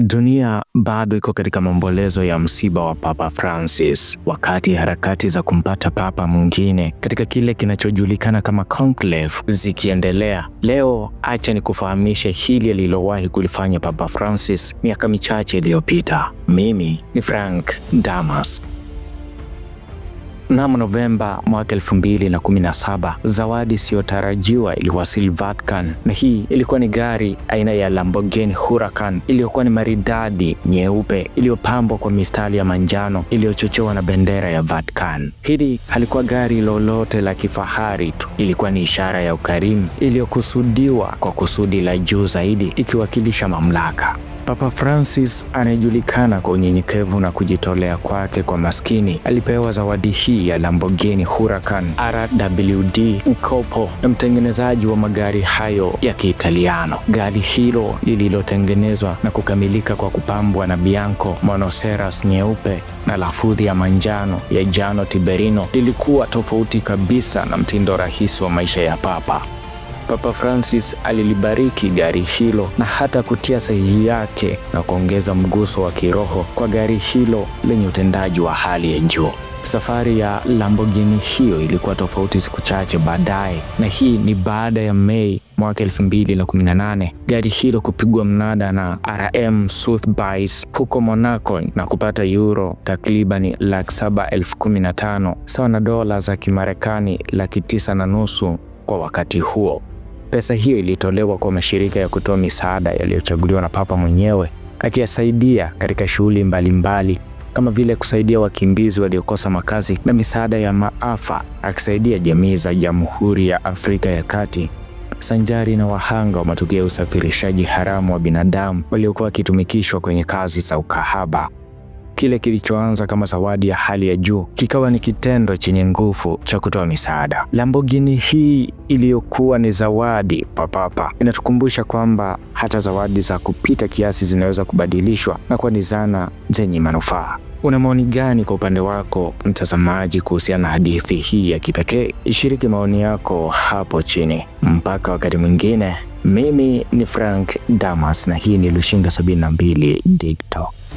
Dunia bado iko katika maombolezo ya msiba wa Papa Francis, wakati harakati za kumpata papa mwingine katika kile kinachojulikana kama conclave zikiendelea. Leo acha ni hili alilowahi kulifanya Papa Francis miaka michache iliyopita. Mimi ni Frank Damas. Mnamo Novemba mwaka 2017, zawadi isiyotarajiwa iliwasili Vatican, na hii ilikuwa ni gari aina ya Lamborghini Huracan iliyokuwa ni maridadi nyeupe iliyopambwa kwa mistari ya manjano iliyochochewa na bendera ya Vatican. Hili halikuwa gari lolote la kifahari tu, ilikuwa ni ishara ya ukarimu iliyokusudiwa kwa kusudi la juu zaidi, ikiwakilisha mamlaka. Papa Francis anayejulikana kwa unyenyekevu na kujitolea kwake kwa maskini alipewa zawadi hii ya Lamborghini Huracan RWD mkopo na mtengenezaji wa magari hayo ya Kiitaliano. Gari hilo lililotengenezwa na kukamilika kwa kupambwa na Bianco Monoceras nyeupe na lafudhi ya manjano ya Giano Tiberino lilikuwa tofauti kabisa na mtindo rahisi wa maisha ya Papa. Papa Francis alilibariki gari hilo na hata kutia sahihi yake na kuongeza mguso wa kiroho kwa gari hilo lenye utendaji wa hali ya juu. Safari ya Lamborghini hiyo ilikuwa tofauti siku chache baadaye, na hii ni baada ya Mei mwaka 2018 gari hilo kupigwa mnada na RM Sotheby's huko Monaco na kupata euro takribani laki saba elfu kumi na tano sawa na dola za Kimarekani laki tisa na nusu kwa wakati huo. Pesa hiyo ilitolewa kwa mashirika ya kutoa misaada yaliyochaguliwa na Papa mwenyewe akiyasaidia katika shughuli mbalimbali kama vile kusaidia wakimbizi waliokosa makazi na misaada ya maafa, akisaidia jamii za Jamhuri ya Afrika ya Kati sanjari na wahanga wa matukio ya usafirishaji haramu wa binadamu waliokuwa wakitumikishwa kwenye kazi za ukahaba. Kile kilichoanza kama zawadi ya hali ya juu kikawa ni kitendo chenye nguvu cha kutoa misaada. Lamborghini hii iliyokuwa ni zawadi papapa inatukumbusha kwamba hata zawadi za kupita kiasi zinaweza kubadilishwa na kuwa ni zana zenye manufaa. Una maoni gani kwa upande wako mtazamaji, kuhusiana na hadithi hii ya kipekee? ishiriki maoni yako hapo chini. Mpaka wakati mwingine, mimi ni Frank Damas na hii ni Lushinga 72 TikTok.